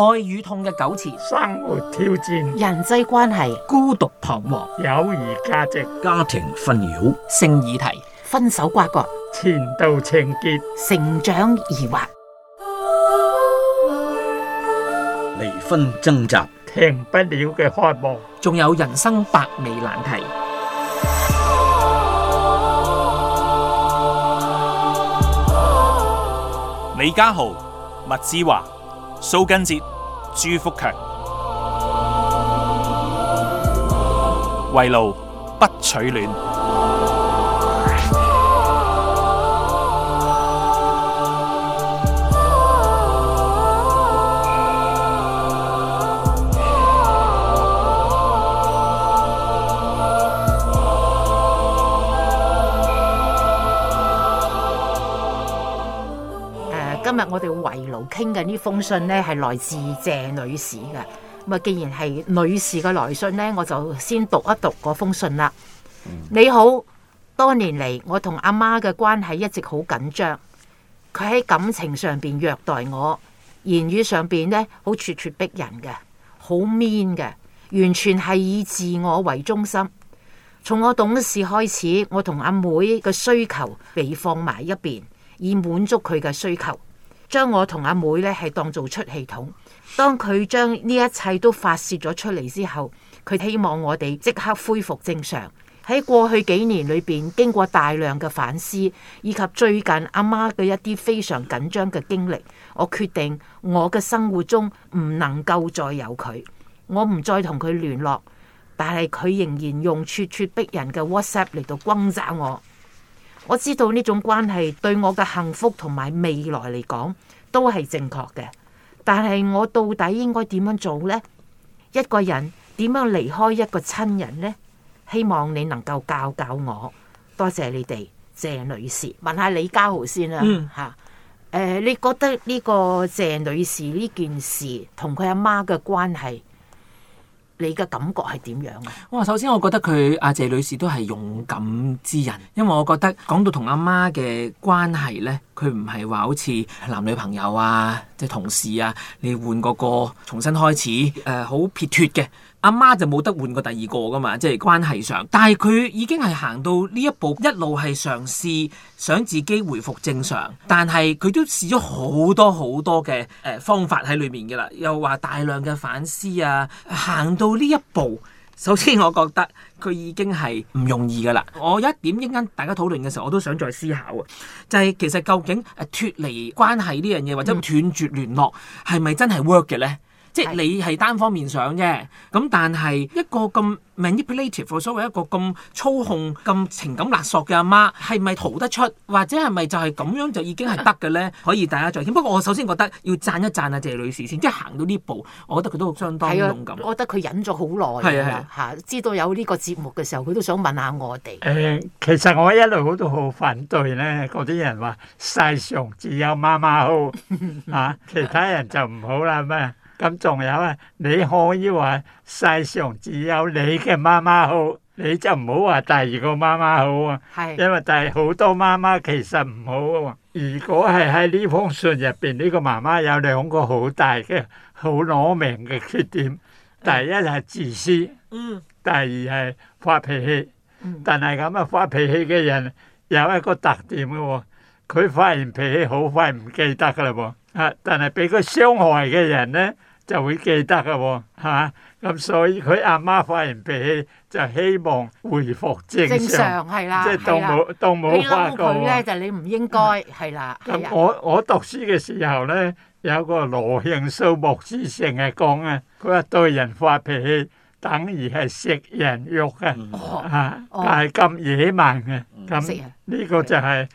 愛與痛嘅糾纏，生活挑戰，人際關係，孤獨彷徨，友誼價值，家庭紛擾，性議題，分手瓜葛，前度情結，成長疑惑，離婚掙扎，停不了嘅渴望，仲有人生百味難題。李嘉豪，麥之華。蘇根哲、朱福強，圍爐不取暖。今日我哋圍爐傾嘅呢封信呢係來自謝女士嘅。咁啊，既然係女士嘅來信呢，我就先讀一讀嗰封信啦。嗯、你好，多年嚟我同阿媽嘅關係一直好緊張，佢喺感情上邊虐待我，言語上邊呢好咄咄逼人嘅，好 mean 嘅，完全係以自我為中心。從我懂事開始，我同阿妹嘅需求被放埋一邊，以滿足佢嘅需求。將我同阿妹咧係當做出氣筒，當佢將呢一切都發洩咗出嚟之後，佢希望我哋即刻恢復正常。喺過去幾年裏邊，經過大量嘅反思，以及最近阿媽嘅一啲非常緊張嘅經歷，我決定我嘅生活中唔能夠再有佢，我唔再同佢聯絡，但係佢仍然用咄咄逼人嘅 WhatsApp 嚟到轟炸我。我知道呢種關係對我嘅幸福同埋未來嚟講都係正確嘅，但係我到底應該點樣做呢？一個人點樣離開一個親人呢？希望你能夠教教我。多謝你哋，謝女士。問下李家豪先啦，吓、嗯啊，你覺得呢個謝女士呢件事同佢阿媽嘅關係？你嘅感覺係點樣啊？哇！首先我覺得佢阿謝女士都係勇敢之人，因為我覺得講到同阿媽嘅關係呢，佢唔係話好似男女朋友啊、即係同事啊，你換個個重新開始，誒好撇脱嘅。阿媽就冇得換過第二個噶嘛，即係關係上。但係佢已經係行到呢一步，一路係嘗試想自己回復正常，但係佢都試咗好多好多嘅誒、呃、方法喺裏面噶啦。又話大量嘅反思啊，行到呢一步，首先我覺得佢已經係唔容易噶啦。我有一點一間大家討論嘅時候，我都想再思考啊，就係、是、其實究竟誒脱離關係呢樣嘢，或者斷絕聯絡，係咪真係 work 嘅呢？即係你係單方面想啫，咁但係一個咁 manipulative，所謂一個咁操控、咁情感勒索嘅阿媽，媽，係咪逃得出，或者係咪就係咁樣就已經係得嘅咧？可以大家再傾。不過我首先覺得要讚一讚啊，謝女士先，即係行到呢步，我覺得佢都相當勇敢，啊。我覺得佢忍咗好耐啦，嚇嚇、知道有呢個節目嘅時候，佢都想問下我哋。誒，其實我一路我都好反對咧，嗰啲人話世上只有媽媽好，嚇， 其他人就唔好啦咩？咁仲有啊？你可以話世上只有你嘅媽媽好，你就唔好話第二個媽媽好啊。係是，因為但係好多媽媽其實唔好啊。如果係喺呢封信入邊呢個媽媽有兩個好大嘅好攞命嘅缺點，第一係自私，嗯，第二係發脾氣。嗯，但係咁啊發脾氣嘅人有一個特點嘅、啊、喎，佢發完脾氣好快唔記得噶啦，喎啊！但係俾佢傷害嘅人咧。就會記得噶喎，嚇！咁所以佢阿媽發完脾氣，就希望回復正常，即係當冇當冇發過。你佢咧，就你唔應該係啦。咁我我讀書嘅時候呢，有個羅慶素博士成日講啊，佢話對人發脾氣等於係食人肉嘅，嚇！但係咁野蠻嘅，咁呢個就係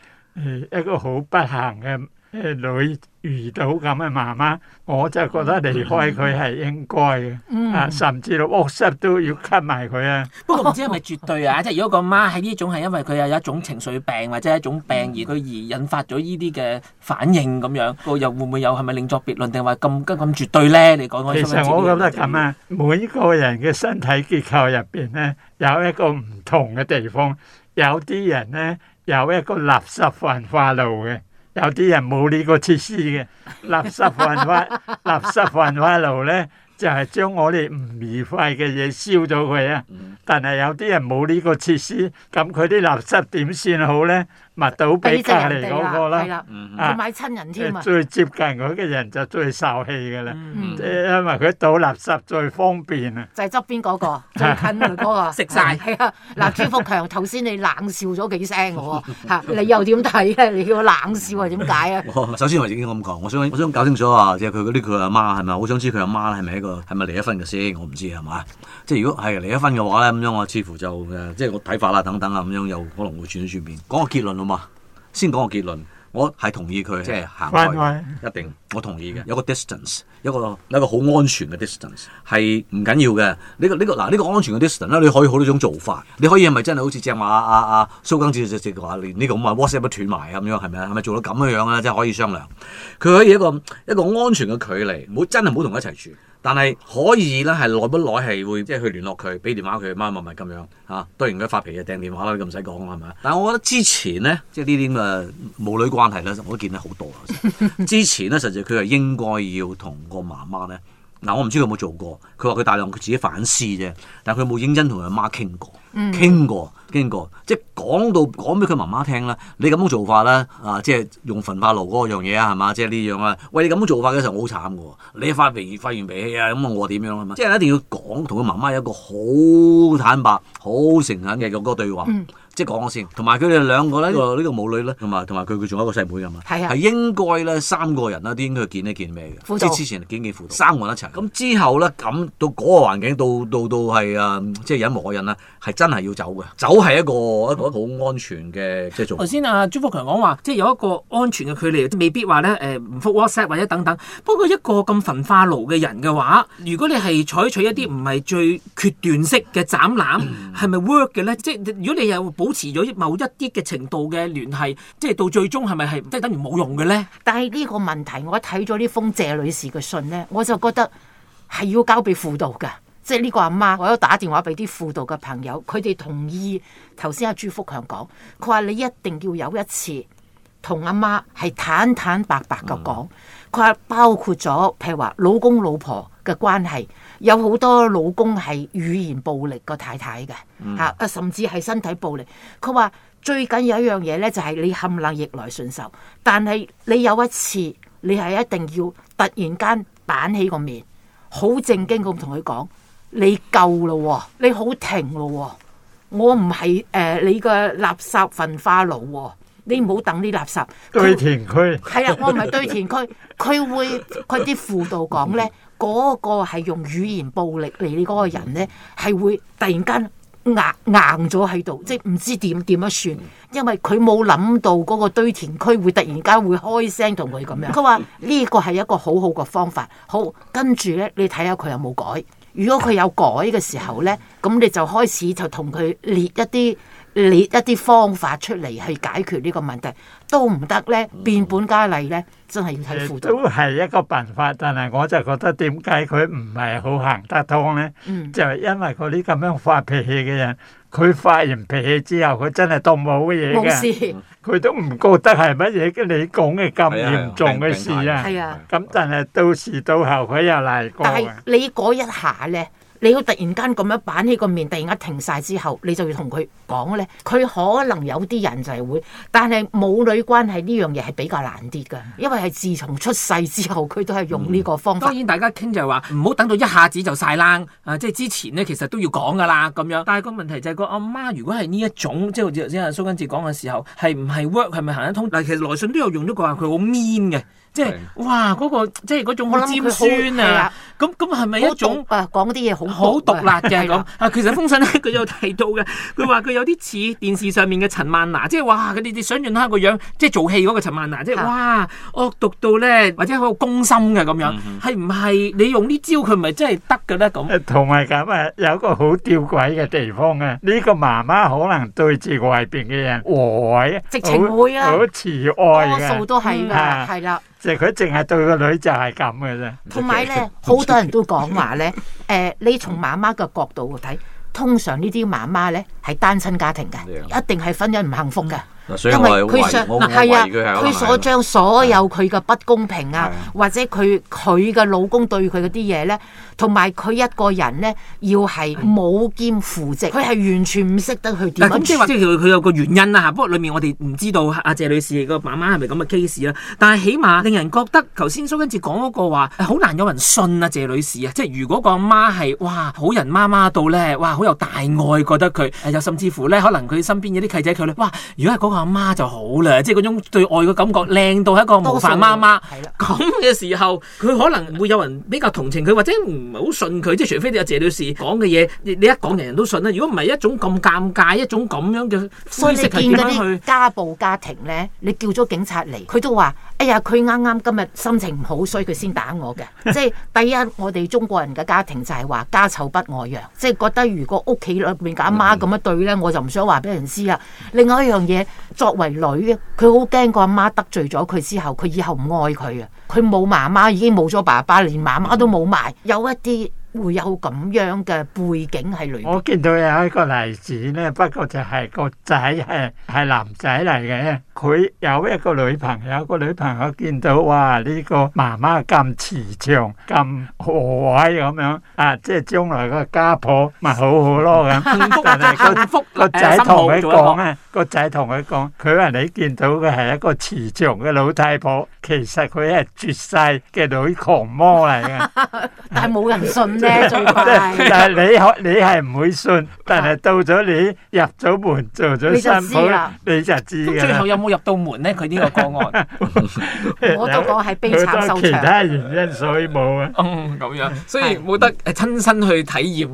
一個好不幸嘅。女遇到咁嘅媽媽，我就覺得離開佢係應該嘅，啊甚至到 Whatsapp 都要 cut 埋佢啊！不過唔知係咪絕對啊？即係如果個媽喺呢種係因為佢有一種情緒病或者一種病而佢而引發咗呢啲嘅反應咁樣，個又會唔會有係咪另作別論定話咁咁絕對咧？你講開。其實我覺得咁啊，每個人嘅身體結構入邊咧有一個唔同嘅地方，有啲人咧有一個垃圾焚化爐嘅。有啲人冇呢個設施嘅，垃圾焚化 垃圾焚化爐呢就係、是、將我哋唔愉快嘅嘢燒咗佢啊。但係有啲人冇呢個設施，咁佢啲垃圾點算好呢？咪倒俾隔離嗰、那個啦，啊買親人添啊！最接近嗰嘅人就最受氣嘅啦，嗯、因為佢倒垃圾最方便啊！就係側邊嗰個，最近嗰個食晒。嗱，朱福強，頭先你冷笑咗幾聲我、 啊，你又點睇？你叫我冷笑係點解啊？為首先我自己咁講，我想我想搞清楚啊，即係佢嗰啲佢阿媽係咪好想知佢阿媽係咪一個係咪離咗婚嘅先？我唔知係嘛？即係如果係離咗婚嘅話咧，咁樣我似乎就、呃、即係我睇法啦，等等啊，咁樣又可能會轉一轉變。講個結先講個結論，我係同意佢，即係行開，一定，我同意嘅。嗯、有一個 distance，有個一個好安全嘅 distance，係唔緊要嘅。呢、呢個呢、呢個嗱，呢、呢個安全嘅 distance 咧，你可以好多種做法。你可以係咪真係好似正話阿阿蘇根子話，連呢個咁話 WhatsApp 都斷埋咁樣，係咪啊？係咪、這個啊、做到咁嘅樣咧？即係可以商量。佢可以一個一個安全嘅距離，唔好真係唔好同佢一齊住。但係可以咧，係耐不耐係會即係去聯絡佢，俾電話佢，乜乜咪咁樣嚇，當然佢發脾氣，掟電話啦，你唔使講啦，係咪？但係我覺得之前咧，即係呢啲咁嘅母女關係咧，我都見得好多。之前咧，實際佢係應該要同個媽媽咧。嗱，我唔知佢有冇做過，佢話佢大量佢自己反思啫，但係佢冇認真同佢阿媽傾過，傾過、嗯、傾過，即係講到講俾佢媽媽聽啦，你咁樣做法啦，啊，即係用焚化爐嗰樣嘢啊，係嘛，即係呢樣啊，喂，你咁樣做法嘅時候，我好慘嘅喎，你發脾發完脾氣啊，咁啊，我點樣啊？即係一定要講，同佢媽媽有一個好坦白、好誠懇嘅嗰個對話。嗯即係講我先，同埋佢哋兩個咧呢個呢、呢個母女咧，同埋同埋佢佢仲有一個細妹㗎嘛，係、啊、應該咧三個人咧，都應該見一見咩嘅，即係之前見見輔導，三個人見一齊。咁之後咧，咁到嗰個環境，到到到係啊，即係忍無可人啦，係真係要走嘅。走係一個一個好安全嘅、嗯、即係做。頭先阿朱福強講話，即係有一個安全嘅距離，未必話咧誒唔、呃、覆 WhatsApp 或者等等。不過一個咁焚化爐嘅人嘅話，如果你係採取一啲唔係最決斷式嘅斬纜，係咪、嗯、work 嘅咧？即係如果你有保持咗某一啲嘅程度嘅聯繫，即係到最終係咪係即係等於冇用嘅咧？但係呢個問題，我睇咗呢封謝女士嘅信咧，我就覺得係要交俾輔導噶，即係呢個阿媽，媽，我有打電話俾啲輔導嘅朋友，佢哋同意。頭先阿朱福強講，佢話你一定要有一次同阿媽係坦坦白白嘅講，佢話、嗯、包括咗譬如話老公老婆嘅關係。有好多老公係語言暴力個太太嘅嚇，嗯、甚至係身體暴力。佢話最緊要一樣嘢咧，就係你冚唪唥逆來順受，但係你有一次你係一定要突然間板起個面，好正經咁同佢講：你夠咯，你好停咯，我唔係誒你嘅垃圾焚化爐，你唔好等啲垃圾堆填區。係啊田， 我唔係堆填區，佢會佢啲輔導講咧，嗰個係用語言暴力嚟你嗰個人咧，係會突然間硬硬咗喺度，即係唔知點點樣算，因為佢冇諗到嗰個堆填區會突然間會開聲同佢咁樣。佢話呢個係一個好好嘅方法。好，跟住咧，你睇下佢有冇改。如果佢有改嘅時候咧，咁你就開始就同佢列一啲。你一啲方法出嚟去解決呢個問題都唔得咧，變本加厲咧，真係要睇輔助都係一個辦法，但係我就覺得點解佢唔係好行得通咧？嗯、就係因為嗰啲咁樣發脾氣嘅人，佢發完脾氣之後，佢真係當冇嘅嘢。無佢事、嗯、都唔覺得係乜嘢，你講嘅咁嚴重嘅事啊。係啊。咁、啊啊啊啊啊啊啊、但係到時到候佢又嚟講。但係你嗰一下咧。你要突然間咁樣板起個面，突然間停晒之後，你就要同佢講咧。佢可能有啲人就係會，但係母女關係呢樣嘢係比較難啲嘅，因為係自從出世之後，佢都係用呢個方法。嗯、當然，大家傾就係話唔好等到一下子就晒冷。誒、啊，即係之前咧，其實都要講噶啦咁樣。但係個問題就係、是、個阿媽，媽，如果係呢一種，即係好似頭先阿蘇根哲講嘅時候，係唔係 work，係咪行得通？但係其實來信都有用咗句話，佢好 mean 嘅。即係哇！嗰、那個、即係嗰種好尖酸啊！咁咁係咪一種啊，講啲嘢好好毒辣嘅咁啊？其實封信咧佢有提到嘅，佢話佢有啲似電視上面嘅陳， 陳曼娜，即係哇！佢哋想像下個樣，即係做戲嗰個陳曼娜，即係哇惡毒到咧，或者好攻心嘅咁樣，係唔係你用啲招佢咪真係得嘅咧咁？同埋咁啊，有一個好吊詭嘅地方啊！呢、這個媽媽可能對住外邊嘅人和藹，i, 直情會啊，好，好慈愛，多數都係㗎，係啦。佢淨係對個女就係咁嘅啫。同埋咧，好多人都講話咧，誒、 呃，你從媽媽嘅角度睇，通常呢啲媽媽咧係單親家庭嘅，一定係婚姻唔幸福嘅。嗯。因為佢想，嗱係、嗯、啊，佢所將所有佢嘅不公平啊，的或者佢佢嘅老公對佢嗰啲嘢咧，同埋佢一個人咧，要係母兼父職，佢係的完全唔識得佢點。嗱，咁即係即係佢有個原因啊。嚇。不過裏面我哋唔知道阿謝女士個媽媽係咪咁嘅 case 啦。但係起碼令人覺得頭先蘇根治講嗰個話好難有人信啊，謝女士啊，即係如果個媽係哇好人媽媽到咧，哇好有大愛，覺得佢有甚至乎咧，可能佢身邊有啲契仔，佢咧，哇如果係嗰個。阿媽就好啦，即係嗰種對外嘅感覺靚到係一個模範媽媽。係啦，咁嘅時候佢可能會有人比較同情佢，或者唔係好信佢。即係除非你阿謝女士講嘅嘢，你一講人人都信啦。如果唔係一種咁尷尬，一種咁樣嘅灰色係點樣去？你見啲家暴家庭咧，你叫咗警察嚟，佢都話：哎呀，佢啱啱今日心情唔好，所以佢先打我嘅。即係第一， 我哋中國人嘅家庭就係話家醜不外揚，即係覺得如果屋企裏面嘅阿媽咁樣對咧，嗯、我就唔想話俾人知啊。另外一樣嘢。作為女嘅，佢好驚個阿媽得罪咗佢之後，佢以後唔愛佢啊！佢冇媽媽，已經冇咗爸爸，連媽媽都冇埋。有一啲會有咁樣嘅背景喺裏面。我見到有一個例子咧，不過就係個仔係係男仔嚟嘅。佢有一個女朋友，個女朋友見到，哇，呢個媽媽咁慈祥、咁和藹咁樣，啊即係將來個家婆咪好好咯咁。但係個仔同佢講咧，個仔同佢講，佢話 你見到嘅係一個慈祥嘅老太婆，其實佢係絕世嘅女狂魔嚟嘅。 但係冇人信呢， 最弊 但係你你係唔會信，但係到咗你入咗門做咗新抱，你就知啦。我入到門咧，佢呢個個案，我都講係悲慘收場。佢都其他原因，所以冇啊。嗯，咁樣，所以冇得誒親身去體驗。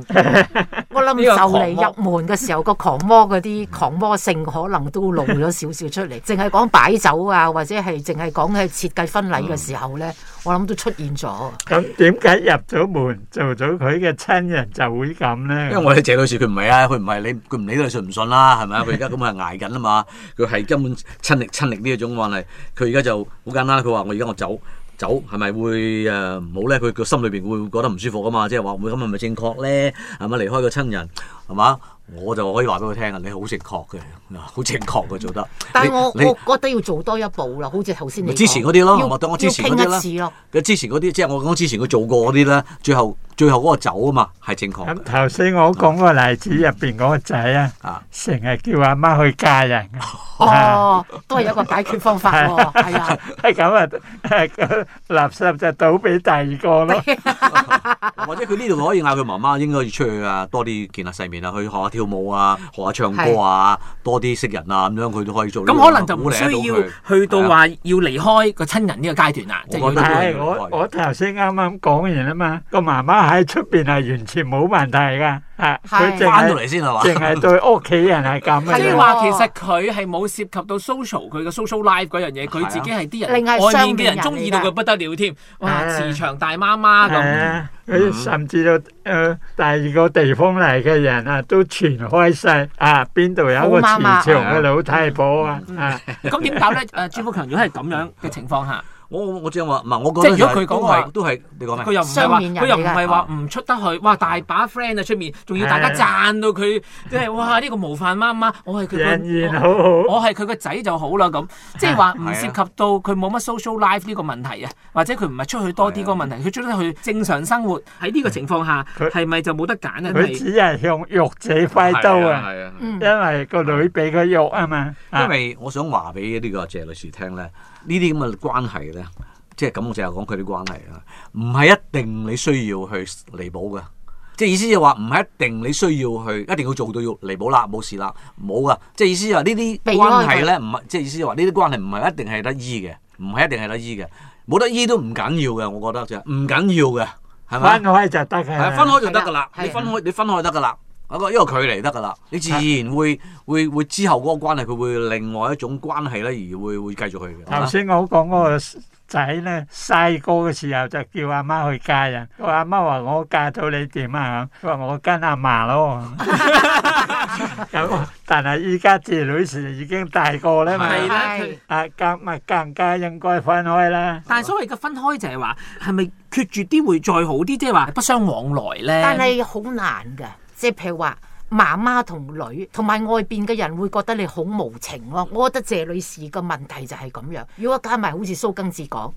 我諗就嚟入門嘅時候，個狂魔嗰啲狂魔性可能都露咗少少出嚟，淨係講擺酒啊，或者係淨係講係設計婚禮嘅時候咧，我諗都出現咗。咁點解入咗門做咗佢嘅親人就會咁咧？因為我哋謝女士佢唔係啊，佢唔係你，佢唔理佢信唔信啦，係咪啊？佢而家咁啊捱緊啊嘛，佢係根本。親力親力呢一種話係，佢而家就好簡單。佢話我而家我走走係咪會唔好咧？佢個心裏邊會覺得唔舒服噶嘛，即係話咁係咪正確咧？係咪離開個親人係嘛？我就可以話俾佢聽啊！你好正確嘅，好正確嘅做得。但係我你我覺得要做多一步啦，好似頭先你之前嗰啲咯，唔係當我之前嗰啲啦。佢之前嗰啲即係我講之前佢做過嗰啲啦，最後。最後嗰個走啊嘛，係正確。頭先我講個例子入邊嗰個仔啊，成日叫阿媽去嫁人。哦，都係有個解決方法喎，係啊。係咁啊，垃圾就倒俾第二個咯。或者佢呢度可以嗌佢媽媽，應該要出去啊，多啲見下世面啊，去學下跳舞啊，學下唱歌啊，多啲識人啊，咁樣佢都可以做。咁可能就唔需要去到話要離開個親人呢個階段啊。但係我我頭先啱啱講完啊嘛，個媽媽係。喺出邊係完全冇問題嘅，啊，佢淨係淨係對屋企人係咁。即係話其實佢係冇涉及到 social 佢嘅 social life 嗰樣嘢，佢自己係啲人外面嘅人中意到佢不得了添、啊。哇、啊！慈祥大媽媽咁，佢、啊、甚至到誒、呃、第二個地方嚟嘅人啊都傳開晒。啊！邊度有個慈祥嘅老太婆啊！啊！咁點解咧？誒，朱富強如果係咁樣嘅情況下？我我即係話，唔係我覺得，如果佢講係都係，你講咩？佢又唔係話，佢又唔係話唔出得去。哇！大把 friend 啊，出面，仲要大家贊到佢，即係哇！呢個模範媽媽，我係佢個，我係佢個仔就好啦。咁即係話唔涉及到佢冇乜 social life 呢個問題啊，或者佢唔係出去多啲嗰個問題，佢出得去正常生活喺呢個情況下，佢係咪就冇得揀咧？佢只係向玉姐揮刀啊！因為個女俾佢玉啊嘛。因為我想話俾呢個謝女士聽咧。呢啲咁嘅關係咧，即係咁，我淨係講佢啲關係啊，唔係一定你需要去彌補嘅，即係意思就話唔係一定你需要去，一定要做到要彌補啦，冇事啦，冇噶，即係意思話呢啲關係咧，唔係即係意思就話呢啲關係唔係一定係得醫嘅，唔係一定係得醫嘅，冇得醫都唔緊要嘅，我覺得即唔緊要嘅，係嘛？分開就得嘅，分開就得嘅啦，你分開你分開就得嘅啦。一個呢個距離得㗎喇，你自然會會會之後嗰個關係，佢會另外一種關係咧，而會會繼續去。頭先我好講嗰個仔咧，細個嘅時候就叫阿媽去嫁人，個阿媽話我嫁到你點啊？佢話我跟阿嫲咯。咁但係依家謝女士已經大個咧嘛，係啊，更唔係更加應該分開啦。但係所謂嘅分開就係話，係咪決絕啲會再好啲，即係話不相往來咧？但係好難㗎。即係譬如話媽媽同女，同埋外邊嘅人會覺得你好無情咯。我覺得謝女士嘅問題就係咁樣。如果加埋好似蘇更治講。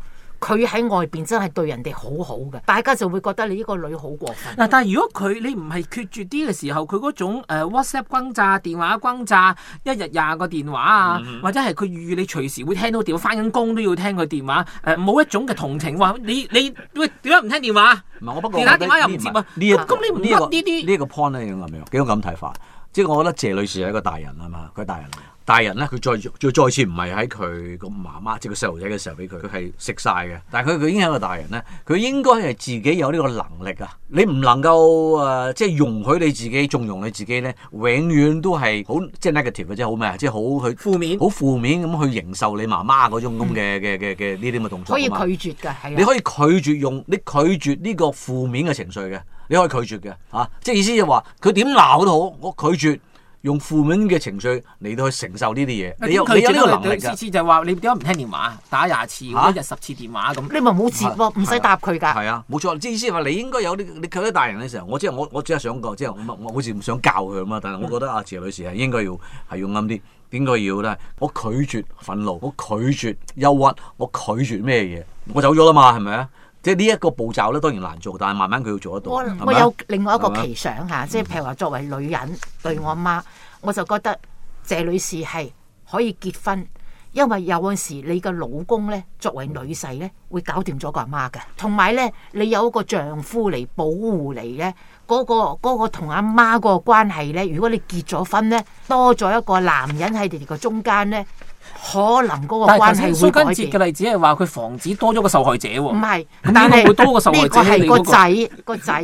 佢喺外邊真係對人哋好好嘅，大家就會覺得你呢個女好過分。嗱，但係如果佢你唔係決絕啲嘅時候，佢嗰種 WhatsApp 轟炸、電話轟炸，一日廿個電話啊，嗯、或者係佢預你隨時會聽到電話，返緊工都要聽佢電話。誒、呃，冇一種嘅同情話你你，你喂點解唔聽電話？唔係我不過電話電話又唔接啊。咁你唔得呢啲呢個 point 咧點解咁樣？幾種咁睇法？即係我覺得謝女士係一個大人啦嘛，佢係大人嚟。大人咧，佢再再再次唔係喺佢個媽媽，即係個細路仔嘅時候俾佢，佢係食晒嘅。但係佢佢已經係一個大人咧，佢應該係自己有呢個能力啊！你唔能夠誒、呃，即係容許你自己縱容你自己咧，永遠都係好即係 negative 嘅，即係好咩啊？即係好去負面、好負面咁去營受你媽媽嗰種咁嘅嘅嘅嘅呢啲嘅動作。可以拒絕嘅，係你可以拒絕用，你拒絕呢個負面嘅情緒嘅，你可以拒絕嘅嚇、啊。即係意思就話，佢點鬧都好，我拒絕。用負面嘅情緒嚟到去承受呢啲嘢，你佢有呢個能力噶。次次就係話你點解唔聽電話打廿次，一日十次電話咁。你咪冇接，唔使是答佢噶。係啊，冇、啊啊、錯。意思係話你應該有啲，你佢咗大人嘅時候，我即、就、係、是、我我即係想講，即、就、係、是、我，我好似唔想教佢啊但係我覺得阿謝、嗯、女士係應該要係要啱啲，應該要咧？我拒絕憤怒，我拒絕憂鬱，我拒絕咩嘢？我走咗啦嘛，係咪啊？即係呢一個步驟咧，當然難做，但係慢慢佢要做得到。我能吧有另外一個奇想，嚇吧，即係譬如話作為女人對我阿媽，我就覺得謝女士係可以結婚，因為有陣時你嘅老公咧，作為女婿咧，會搞掂咗個阿媽嘅。同埋咧，你有一個丈夫嚟保護你咧，嗰、嗰個同阿、嗰個、媽個關係咧，如果你結咗婚咧，多咗一個男人喺你哋個中間咧。可能嗰個關係會改變。蘇根節嘅例子係話佢防止多咗個受害者喎。唔係，但係呢個係、 個仔，個仔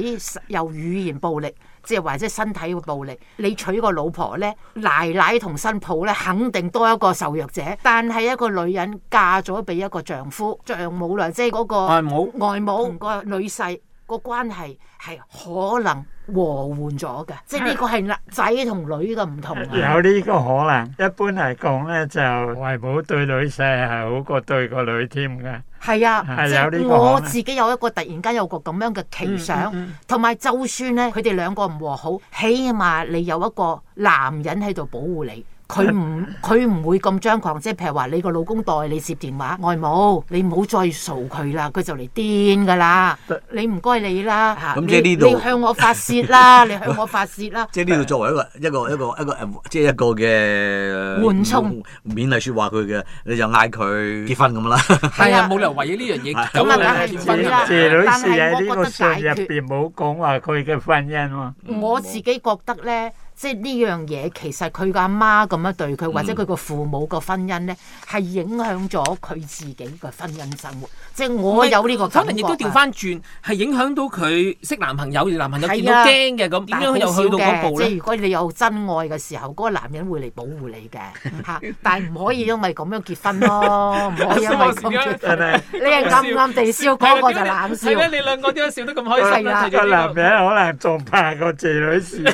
有 語言暴力，即係或者身體嘅暴力。你娶個老婆咧，奶奶同新抱咧，肯定多一個受虐者。但係一個女人嫁咗俾一個丈夫，丈母娘，即係嗰個外母、外母同個女婿個 關係係可能。和緩咗嘅，即係呢個係男仔同女嘅唔同。 有呢個可能，一般嚟講咧就，維保對女婿係好過對個女添嘅。係啊，有即係我自己有一個突然間有個咁樣嘅奇想，同埋、嗯嗯嗯、就算咧佢哋兩個唔和好，起碼你有一個男人喺度保護你。佢唔佢唔會咁張狂，即係譬如話你個老公代你接電話，外母你唔好再嘈佢啦，佢就嚟癲噶啦，你唔該你啦，你向我發泄啦，你向我發泄啦。即係呢度作為一個一個一個一個，即係一個嘅緩衝、勉勵説話佢嘅，你就嗌佢結婚咁啦。係啊，冇理由為咗呢樣嘢咁啊，係唔得啦。但係我覺得解決，入面冇講話佢嘅婚姻喎。我自己覺得咧。即係呢樣嘢，其實佢個阿媽咁樣對佢，或者佢個父母個婚姻咧，係影響咗佢自己個婚姻生活。即係我有呢個可能，亦都調翻轉，係影響到佢識男朋友，男朋友見到驚嘅咁，點樣有去到嗰步，即係如果你有真愛嘅時候，嗰個男人會嚟保護你嘅嚇，但係唔可以因為咁樣結婚咯，唔可以因為咁樣結婚。呢個啱唔啱地笑講，我就冷笑。係咩？你兩個點解笑得咁開心？個男人可能仲怕個謝女士。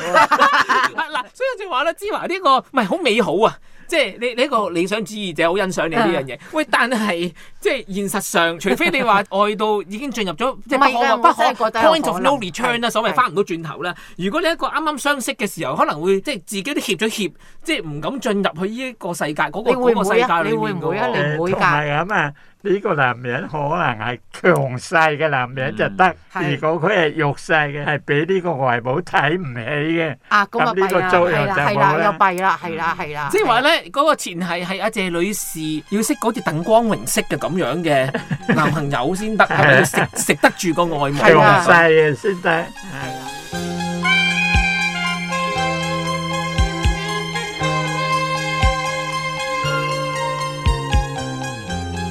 嗱、啊，所以即係話咧，芝華呢，這個唔係好美好啊。即係你，你一個理想主義者好欣賞你呢樣嘢。喂、嗯，但係即係現實上，除非你話愛到已經進入咗，即係我可不可 point of no return 啦，所謂翻唔到轉頭啦。如果你一個啱啱相識嘅時候，可能會即係自己都怯咗怯，即係唔敢進入去呢一個世界嗰，那個嗰個世界裡面嘅。同埋咁啊。呢個男人可能係強勢嘅男人就得，如果佢係弱勢嘅，係俾呢個外母睇唔起嘅。啊，咁啊弊啦，係啦，又弊啦，係啦、嗯，係啦。即係話咧，嗰、那個前提係阿謝女士要識好似鄧光榮式嘅咁樣嘅男朋友先得，係咪？ 食食 得住個外母強勢嘅先得。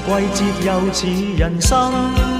季節又似人生。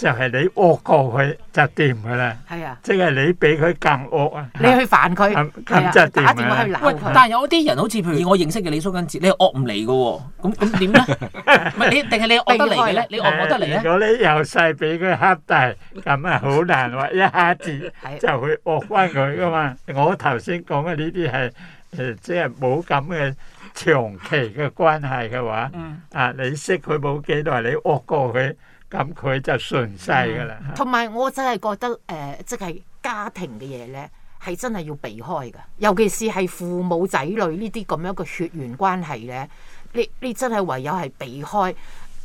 就係你惡過佢就掂噶啦，係啊，即係你比佢更惡啊！你去反佢，咁咁就掂啦。喂，但係有啲人好似，譬如我認識嘅李松根哲，你惡唔嚟噶？咁咁點咧？唔係你，定係你惡得嚟咧？你惡惡得嚟咧？如果你由細俾佢恰大，咁啊好難話一下子就去惡翻佢噶嘛？我頭先講嘅呢啲係誒，即係冇咁嘅長期嘅關係嘅話，啊，你識佢冇幾耐，你惡過佢。咁佢就順晒噶啦。同埋我真係覺得，誒、呃，即、就、係、是、家庭嘅嘢咧，係真係要避開噶。尤其是係父母仔女這這呢啲咁樣嘅血緣關係咧，你你真係唯有係避開。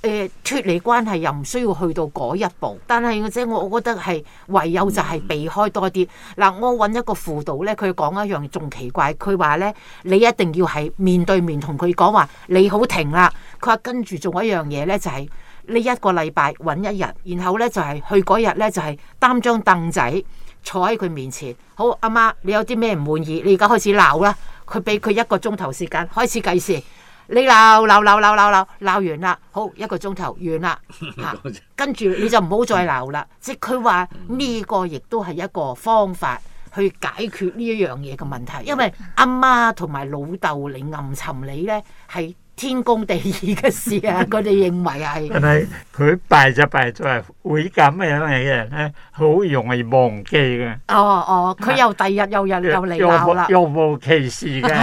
誒、呃，脫離關係又唔需要去到嗰一步。但係或者我我覺得係唯有就係避開多啲。嗱、嗯，我揾一個輔導咧，佢講一樣仲奇怪，佢話咧，你一定要係面對面同佢講話，你好停啦。佢話跟住做一樣嘢咧，就係、是。呢一個禮拜揾一日，然後咧就係、是、去嗰日咧就係擔張凳仔坐喺佢面前。好，阿媽，你有啲咩唔滿意？你而家開始鬧啦。佢俾佢一個鐘頭時間，開始計時。你鬧鬧鬧鬧鬧鬧完啦。好，一個鐘頭完啦。啊、 跟住你就唔好再鬧啦。即係佢話呢個亦都係一個方法去解決呢一樣嘢嘅問題。因為阿媽同埋老豆你暗沉你咧係。天公地義嘅事啊！佢哋認為係，但係佢敗就敗在會咁嘅樣嘅人咧，好容易忘記嘅。哦哦，佢又第日又日又嚟鬧啦，若無其事嘅。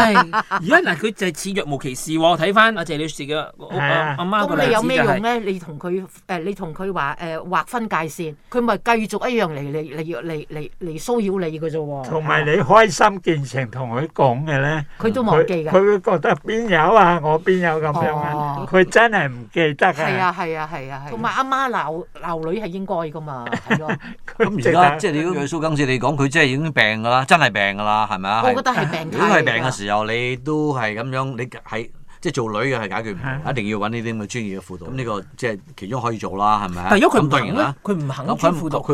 而家嗱，佢就似若無其事喎。睇翻阿謝女士嘅，係啊，咁你有咩用咧？你同佢誒，你同佢話誒劃分界線，佢咪繼續一樣嚟嚟嚟嚟嚟嚟騷擾你嘅啫喎。同埋你開心見誠同佢講嘅咧，佢都忘記嘅。佢會覺得邊有啊？我邊？有咁樣，佢、哦、真係唔記得啊！係啊係啊係啊，同埋阿媽鬧鬧女係應該噶嘛。咁而家即係你如果蘇更事你講，佢真係已經病噶啦，真係病噶啦，係咪啊？我覺得係病態 如果係病嘅時候， 你都係咁樣，你喺。即係做女嘅係解決唔到，一定要揾呢啲咁嘅專業嘅輔導。咁呢個即係其中可以做啦，係咪？係如果佢唔，佢唔肯佢唔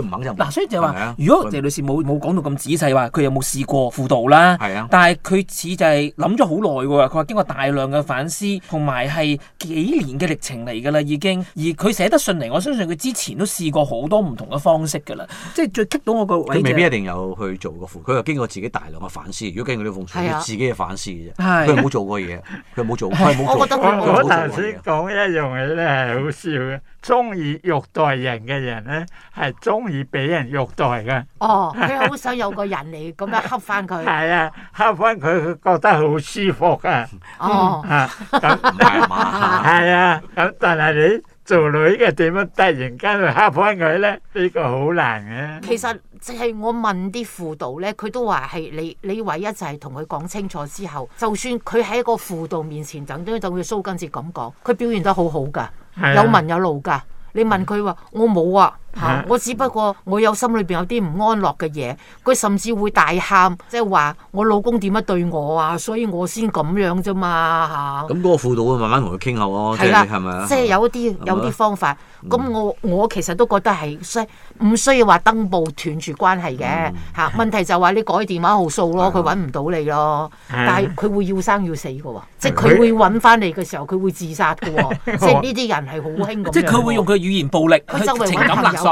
肯就唔得啊。所以就話，如果謝女士冇冇講到咁仔細話，佢有冇試過輔導啦？係啊。但係佢似就係諗咗好耐喎，佢話經過大量嘅反思，同埋係幾年嘅歷程嚟㗎啦，已經。而佢寫得信嚟，我相信佢之前都試過好多唔同嘅方式㗎啦。即係最激到我個位。佢未必一定有去做過輔導，佢又經過自己大量嘅反思。如果根據呢封信，自己嘅反思嘅啫。佢冇做過嘢，佢冇做。 我覺得我頭先講一樣嘢咧係好笑嘅，中意虐待人嘅人咧係中意俾人虐待嘅。哦，佢好想有個人嚟咁 樣恰翻佢。係啊，恰翻佢，佢覺得好舒服啊。哦、 嗯，咁唔麻煩，係啊，咁、嗯 嗯 啊、但係你。做女嘅點樣突然間去蝦翻佢咧？呢、呢個好難啊。其實就係我問啲輔導咧，佢都話係你，你唯一就係同佢講清楚之後，就算佢喺個輔導面前等等，等佢蘇根哲咁講，佢表現得好好噶，啊、有文有路噶。你問佢話，我冇啊。我只不過我有心裏邊有啲唔安樂嘅嘢，佢甚至會大喊，即係話我老公點樣對我啊，所以我先咁樣啫嘛嚇。咁嗰個輔導啊，慢慢同佢傾下咯，即係係咪即係有一啲有啲方法。咁我我其實都覺得係需唔需要話登報斷絕關係嘅嚇？問題就話你改電話號數咯，佢揾唔到你咯。但係佢會要生要死㗎喎，即係佢會揾返你嘅時候，佢會自殺㗎喎。即係呢啲人係好興咁。即係佢會用佢語言暴力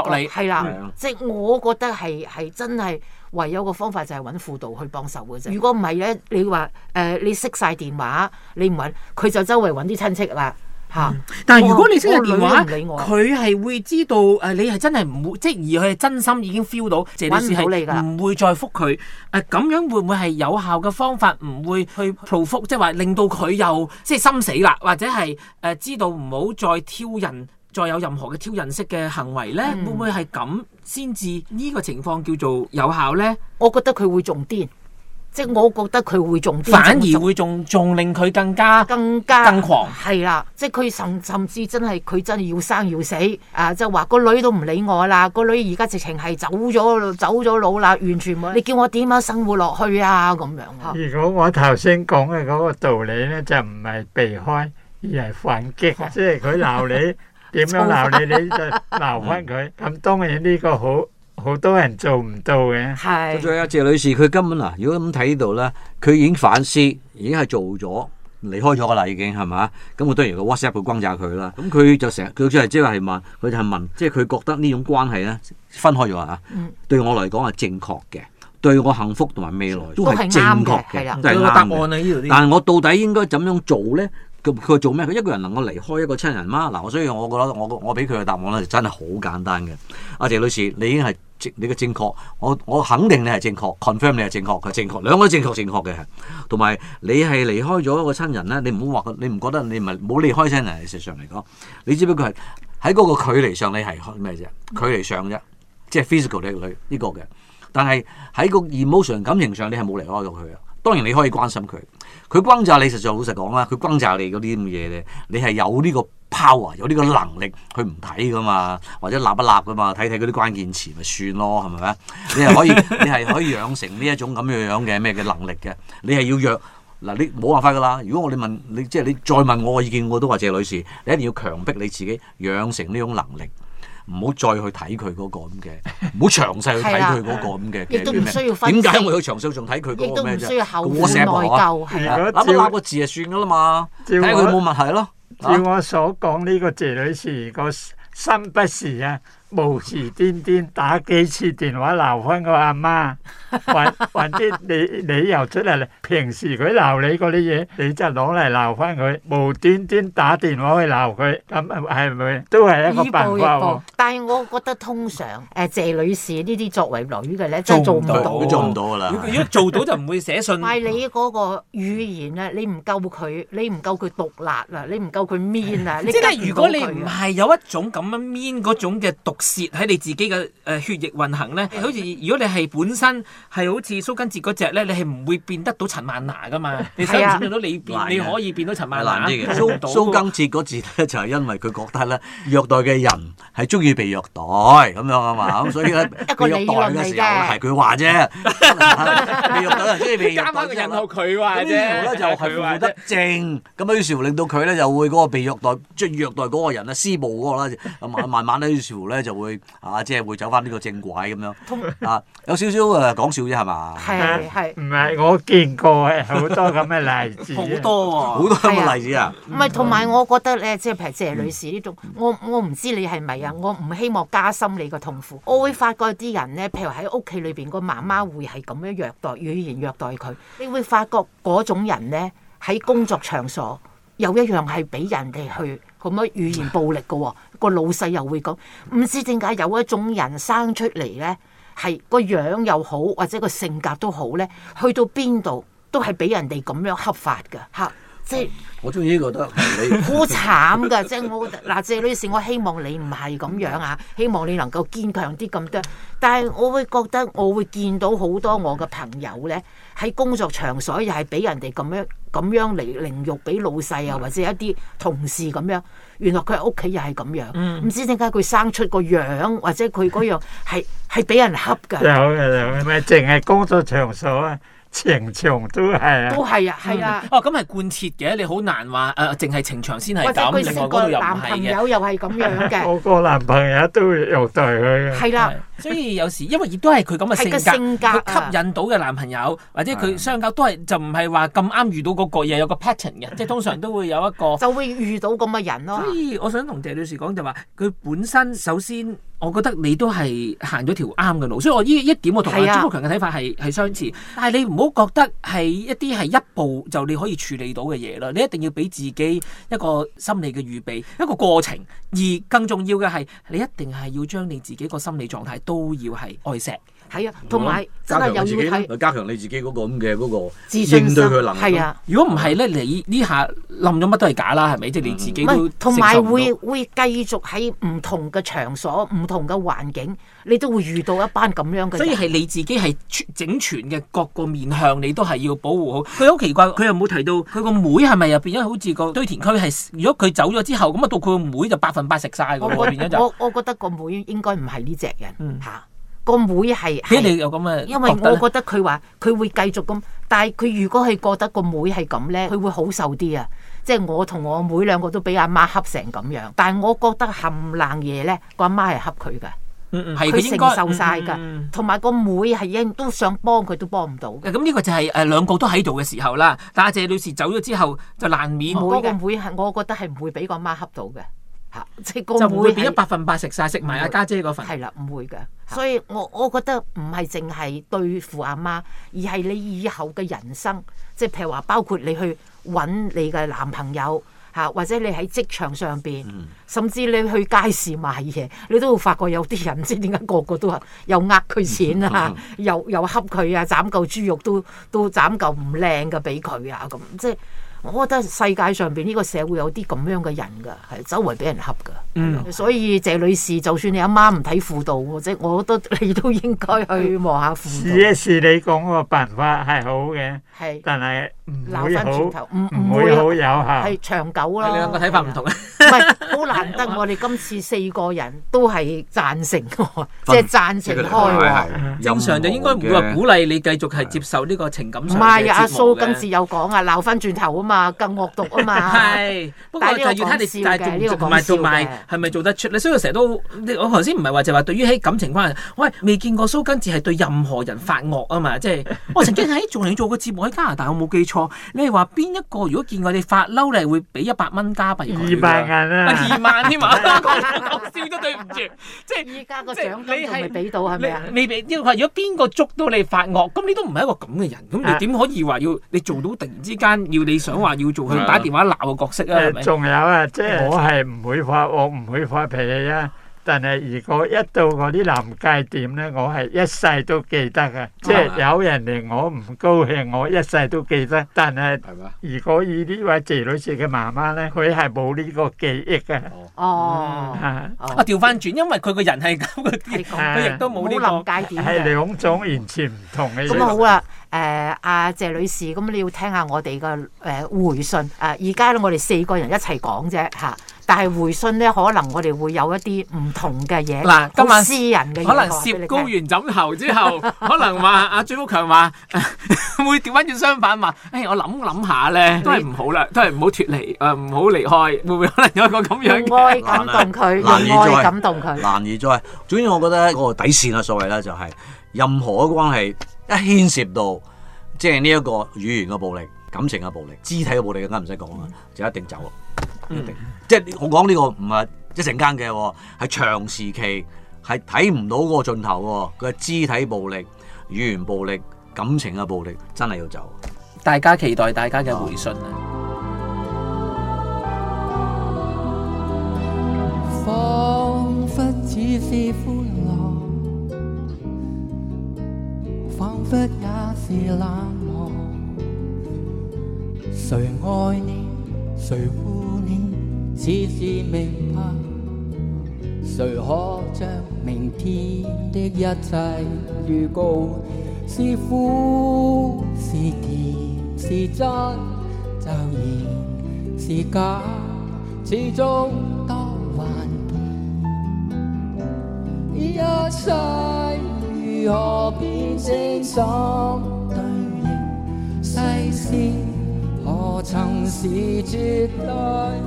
係、哦、啦，嗯、即係我覺得係係真係唯有一個方法就係揾輔導去幫手嘅啫。如果唔係咧，你話誒、呃、你熄晒電話，你唔揾佢就周圍揾啲親戚啦嚇。但係如果你熄曬電話，佢係會知道誒你係真係唔會，即而佢係真心已經 feel 到謝女士係唔會再覆佢誒。咁、呃、樣會唔會係有效嘅方法？唔會去 provoke 即係話令到佢又即係心死啦，或者係誒、呃、知道唔好再挑釁。再有任何嘅挑釁式嘅行為咧，嗯、會唔會係咁先至呢個情況叫做有效咧？我覺得佢會仲癲，即係我覺得佢會仲反而會仲仲更令佢更加更加更狂係啦！即係佢甚甚至真係佢真係要生要死啊！即係話個女都唔理我啦，個女而家直情係走咗走咗佬啦，完全冇。你叫我點樣生活落去啊？咁樣，如果我頭先講嘅嗰個道理咧，就唔係避開，而係反擊，即係佢鬧你。 點樣鬧你， 你就鬧翻佢。咁、 嗯、當然呢個好好多人做唔到嘅。係是。仲有謝女士，佢根本嗱，如果咁睇到咧，佢已經反思，已經係做咗，離開咗啦，已經係咪？咁我當然個 WhatsApp 去轟炸佢啦。咁佢就成日佢即係即係問，佢就係問，即係佢覺得呢種關係咧分開咗啊？嗯。對我嚟講係正確嘅，對我幸福同埋未來都係正確嘅。係我答案咧呢度但係我到底應該點樣做咧？佢佢做咩？佢一個人能夠離開一個親人嗎？嗱，所以我覺得我我俾佢嘅答案咧，真係好簡單嘅。阿謝女士，你已經係正，你嘅正確。我我肯定你係正確，confirm 你係正確，佢正確，兩個都正確正確嘅。同埋你係離開咗一個親人咧，你唔好話，你唔覺得你唔係冇離開親人？事實上嚟講，你只不過係喺嗰個距離上，你係咩啫？距離上啫，即係 physical 呢、呢個嘅。但係喺個 emotion 感情上，你係冇離開到佢啊。當然你可以關心佢，佢轟炸你。實在老實講啦，佢轟炸你嗰啲咁嘅嘢咧，你係有呢個 power，有呢個能力去唔睇噶嘛，或者立不立噶嘛，睇睇嗰啲關鍵詞咪算咯，係咪啊？你係可以， 你係可以養成呢一種咁樣樣嘅咩嘅能力嘅。你係要弱嗱，你冇辦法噶啦。如果我哋問你，即係你再問我意見，我都話謝女士，你一定要強迫你自己養成呢種能力。唔好再去睇佢嗰個咁嘅，唔好詳細去睇佢嗰個咁嘅。亦都唔、 啊、需要分析。點解我要去詳細仲睇佢嗰個咩啫？WhatsApp 啊，拉個字就算噶啦嘛，照睇佢冇問題咯。照我所講，呢個謝女士個心不是啊。無時端端打幾次電話鬧翻個阿媽，或或者你你又出嚟咧？平時佢鬧你嗰啲嘢，你真係攞嚟鬧翻佢。無端端打電話去鬧佢，咁係咪都係一個辦法？但係我覺得通常誒，謝女士呢啲作為女嘅咧，真係做唔到，做唔到噶啦。如果做到就唔會寫信。唔係你嗰個語言咧，你唔夠佢，你唔夠佢獨立啊，你唔夠佢 mean 啊。即係如果你唔係有一種咁樣 mean 嗰種嘅獨。蝕喺你自己嘅誒血液運行咧，好似如果你係本身係好似蘇根哲嗰隻咧，你係唔會變得到陳萬娜噶嘛？你想，想到你變，的你可以變到陳萬娜。 蘇蘇根哲嗰隻咧，就係因為佢覺得咧，虐待嘅人係中意被虐待咁樣啊嘛，咁所以咧佢虐待嘅時候係佢話啫。被虐待又中意被虐待，佢話啫。我 覺得就係負得正，咁樣於是乎令到佢咧就會嗰個被虐待，即係虐待嗰個人啊，施暴嗰個啦，慢慢慢咧於是乎咧。就會啊，即係會走翻呢個正軌咁樣，啊 有少少誒、啊、 講笑啫，係嘛？係係，唔係 我見過好多咁嘅例子， 好多喎、啊，好 多咁嘅例子啊！唔係、啊，同、嗯、埋、嗯、我覺得咧，即係譬如謝女士呢種，我我唔知你係咪啊，我唔希望加深你個痛苦。我會發覺啲人咧，譬如喺屋企裏邊個媽媽會係咁樣虐待，語言虐待佢。你會發覺嗰種人咧喺工作場所。有一樣係俾人哋去咁樣語言暴力嘅喎、哦，個老細又會講，唔知點解有一種人生出嚟咧，係個樣又好，或者個性格都好咧，去到邊度都係俾人哋咁樣恰法嘅，嚇。即係、就是、我中意呢覺得，好慘㗎！即係我嗱，謝女士，我希望你唔係咁樣啊，希望你能夠堅強啲咁多。但係我會覺得，我會見到好多我嘅朋友咧，喺工作場所又係俾人哋咁樣咁樣嚟凌辱老、啊，俾老細啊或者一啲同事咁樣。原來佢喺屋企又係咁樣，唔知點解佢生出個樣或者佢嗰樣係係俾人恰㗎。又又咪淨係工作場所啊？情場都係，都係啊，係啊。哦，咁係貫徹嘅，你好難話誒，淨係情場先係咁，另外嗰個又係嘅。個個男朋友都會虐待佢。係啦、啊，啊、所以有時因為亦都係佢咁嘅性格，佢、啊、吸引到嘅男朋友或者佢相交、啊、都係就唔係話咁啱遇到嗰、那個嘢，有個 pattern 嘅， 即係通常都會有一個就會遇到咁嘅人咯、啊。所以我想同謝女士講就話、是，佢本身首先。我覺得你都係行咗條啱嘅路，所以我呢一點我同阿張國強嘅睇法係係相似。但係你唔好覺得係一啲係一步就你可以處理到嘅嘢啦，你一定要俾自己一個心理嘅預備，一個過程。而更重要嘅係，你一定係要將你自己個心理狀態都要係愛錫。係啊，同埋，真係自己睇，加強你自己嗰個嘅嗰個應對佢能力。如果唔係咧，你呢下冧咗乜都係假啦，係咪？即係你自己都同埋會會繼續喺唔同嘅場所、唔同嘅環境，你都會遇到一班咁樣嘅人。所以係你自己係整全嘅各個面向，你都係要保護好。佢好奇怪，佢又冇提到佢個妹係咪入邊？因為好似個堆填區係，如果佢走咗之後，咁啊到佢個妹就百分百食曬。我我覺得個妹應該唔係呢隻人嚇。個妹係，有因為我覺得佢話佢會繼續咁，但係佢如果係覺得個妹係咁咧，佢會好受啲啊！即係我同我妹兩個都俾阿媽恰成咁樣，但係我，我，我覺得冚冷嘢咧，個阿媽係恰佢嘅，嗯嗯，佢應該承受晒噶，同埋個妹係因都想幫佢都幫唔到嘅。咁呢個就係誒兩個都喺度嘅時候啦。但係阿謝女士走咗之後，就難免妹妹。個妹係我覺得係唔會俾個阿媽恰到嘅，吓即係就會變咗百分百食晒，食埋阿家姐嗰份。係啦，唔會嘅。所以我我覺得唔係淨係對付阿媽，而係你以後嘅人生，即係譬如話包括你去揾你嘅男朋友嚇，或者你喺職場上邊，甚至你去街市買嘢，你都會發覺有啲人唔知點解個個都話又呃佢錢啊，又 又恰佢啊，斬嚿豬肉都都斬嚿唔靚嘅俾佢啊咁，即係。我覺得世界上邊呢個社會有啲咁樣嘅人噶，係周圍俾人恰噶，嗯、所以謝女士，就算你阿媽唔睇輔導，即係，我覺得你都應該去望下輔導。試一試你講個辦法係好嘅，係，但係。唔會好唔唔會好有效係長久咯。你兩個睇法唔同啊，唔係好難得。我哋今次四個人都係讚成個，即係讚成開。正常就應該唔會話鼓勵你繼續係接受呢個情感上嘅折磨嘅。唔係啊，蘇根治有講啊，鬧翻轉頭啊嘛，更惡毒啊嘛。係不過就係要睇你試用嘅，呢啲唔係同埋係咪做得出？你所以成日都我頭先唔係話就話對於喺感情關係，我係未見過蘇根治係對任何人發惡啊嘛。即係我曾經喺做你做個節目喺加拿大，我冇記錯。你係話邊一個？如果見我哋發嬲，你係會俾一百蚊加幣佢。二萬銀啊！二萬添啊！笑都對唔住，即係而家個獎金係咪俾到係咪啊？你俾，因為如果邊個捉到你發惡，咁你都唔係一個咁嘅人，咁你點可以話要你做到突然之間要你想話要做佢打電話鬧嘅角色啊？仲有啊，即係的我係唔會發惡，唔會發脾氣啊！但係如果一到嗰啲臨界點咧，我係一世都記得嘅，吧即係有人令我唔高興，我一世都記得。但係如果以呢位謝女士嘅媽媽咧，佢係冇呢個記憶嘅。哦，嗯、哦啊，我調、哦啊啊、翻轉，因為佢是、 這個人係咁嘅，佢亦都冇呢個臨界點嘅，係兩種完全唔同嘅嘢。咁、嗯嗯、好啦、啊。誒，阿、呃、謝女士，咁、嗯、你要聽下我哋嘅誒回信。誒、呃，而家咧我哋四個人一齊講啫，吓。但係回信咧，可能我哋會有一啲唔同嘅嘢，嗱在，私人嘅，可能攝高完枕頭之後， 可能話阿朱福強話會調翻轉相反，話、欸、誒，我諗諗下咧，都係唔好啦，都係唔好脱離，誒、呃，唔好離開，會唔會可能有一個咁樣？愛感動佢，愛感動佢，難以再。總之，我覺得嗰個底綫啦，所謂啦，就係任何嘅關係。一牽涉到即係呢一個語言嘅暴力、感情嘅暴力、肢體嘅暴力，更加唔使講啦，就一定走，一定，嗯，即係我講呢個唔係一陣間嘅，係長時期，係睇唔到個盡頭嘅。佢係肢體暴力、語言暴力、感情嘅暴力，真係要走。大家期待大家嘅回信啊！彷彿只彷彿也是冷漠，誰愛你，誰負你，似是明白。誰可將明天的一切預告？是苦是甜是真，驟然，是假，始終都還一切。如何辨證心對影？世事何曾是絕對？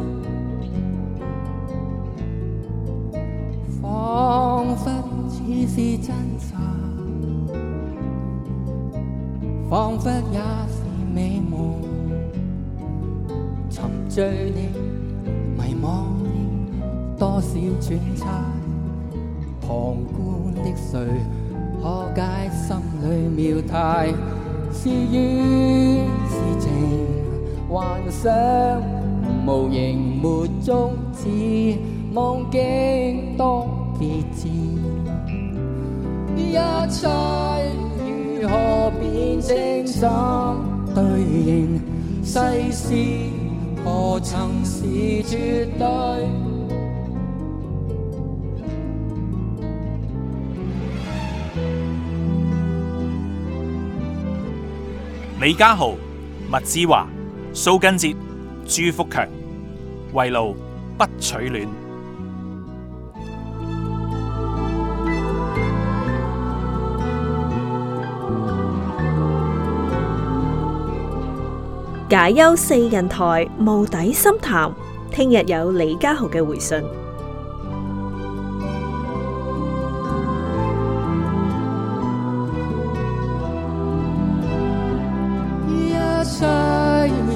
彷彿似是真實，彷彿也是美夢。沉醉的迷惘的，多少揣測旁觀的誰？可解心裡妙態，是怨是情，幻想無形沒終止，夢境多別致。一切如何辨清？怎對應？世事何曾是絕對？李家豪、麥志華、蘇根哲、朱福強，圍爐不取暖。解憂四人台，無底深潭。聽日有李家豪嘅回信。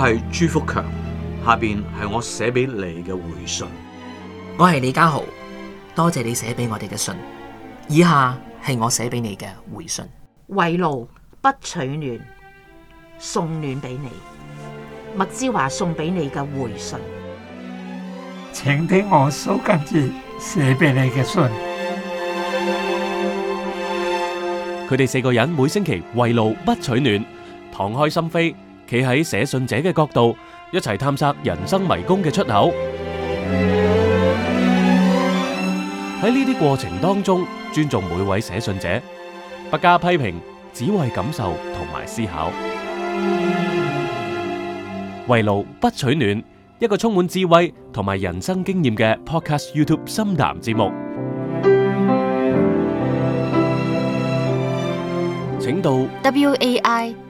係朱福強，下邊係我寫俾你嘅回信。我係李家豪，多謝你寫俾我哋嘅信，以下係我寫俾你嘅回信。圍爐不取暖，送暖俾你，麥之華送俾你嘅回信，請聽我收跟住寫俾你嘅信。佢哋四個人每星期圍爐不取暖，敞開心扉。企喺寫信者嘅角度，一齊探索人生迷宮嘅出口。喺呢啲過程當中，尊重每位寫信者，不加批評，只為感受同埋思考。圍爐不取暖，一個充滿智慧同埋人生經驗嘅 Podcast YouTube 深談節目，請到 WAI。